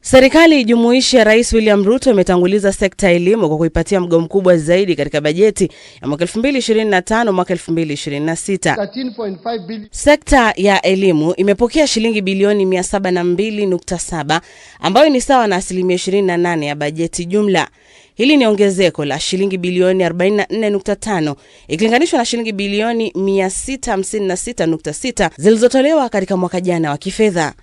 Serikali jumuishi ya Rais William Ruto imetanguliza sekta ya elimu kwa kuipatia mgao mkubwa zaidi katika bajeti ya mwaka 2025 mwaka 2026. Sekta ya elimu imepokea shilingi bilioni 702.7 ambayo ni sawa na asilimia 28 ya bajeti jumla. Hili ni ongezeko la shilingi bilioni 44.5 ikilinganishwa na shilingi bilioni 656.6 zilizotolewa katika mwaka jana wa kifedha.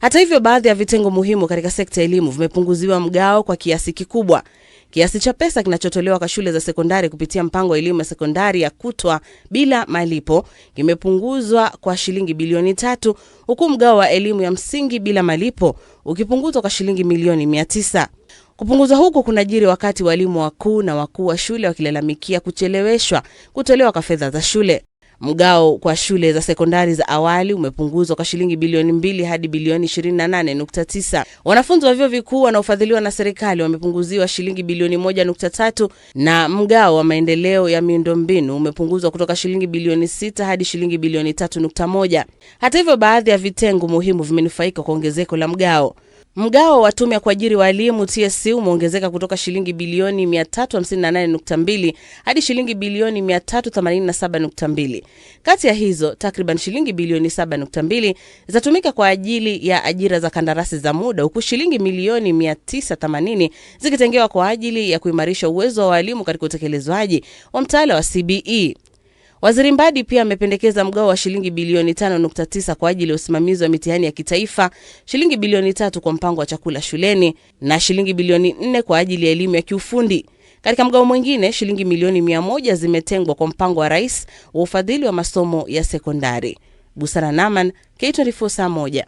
Hata hivyo, baadhi ya vitengo muhimu katika sekta ya elimu vimepunguziwa mgao kwa kiasi kikubwa. Kiasi cha pesa kinachotolewa kwa shule za sekondari kupitia mpango wa elimu ya sekondari ya kutwa bila malipo kimepunguzwa kwa shilingi bilioni tatu huku mgao wa elimu ya msingi bila malipo ukipunguzwa kwa shilingi milioni mia tisa. Kupunguzwa huku kunajiri wakati walimu wakuu na wakuu wa shule wakilalamikia kucheleweshwa kutolewa kwa fedha za shule. Mgao kwa shule za sekondari za awali umepunguzwa kwa shilingi bilioni mbili hadi bilioni 28.9. Wanafunzi wa vyuo vikuu wanaofadhiliwa na serikali wamepunguziwa shilingi bilioni 1.3 na mgao wa maendeleo ya miundombinu umepunguzwa kutoka shilingi bilioni 6 hadi shilingi bilioni 3.1. Hata hivyo, baadhi ya vitengo muhimu vimenufaika kwa ongezeko la mgao. Mgao wa tume ya kuajiri walimu TSC umeongezeka kutoka shilingi bilioni 358.2 hadi shilingi bilioni 387.2. Kati ya hizo takriban shilingi bilioni 7.2 zitatumika kwa ajili ya ajira za kandarasi za muda, huku shilingi milioni 980 zikitengewa kwa ajili ya kuimarisha uwezo wa walimu katika utekelezwaji wa mtaala wa CBE. Waziri Mbadi pia amependekeza mgao wa shilingi bilioni 5.9 kwa ajili ya usimamizi wa mitihani ya kitaifa, shilingi bilioni tatu kwa mpango wa chakula shuleni na shilingi bilioni 4 kwa ajili ya elimu ya kiufundi. Katika mgao mwingine, shilingi milioni 100 zimetengwa kwa mpango wa rais wa ufadhili wa masomo ya sekondari. Busara Naman, K24 saa moja.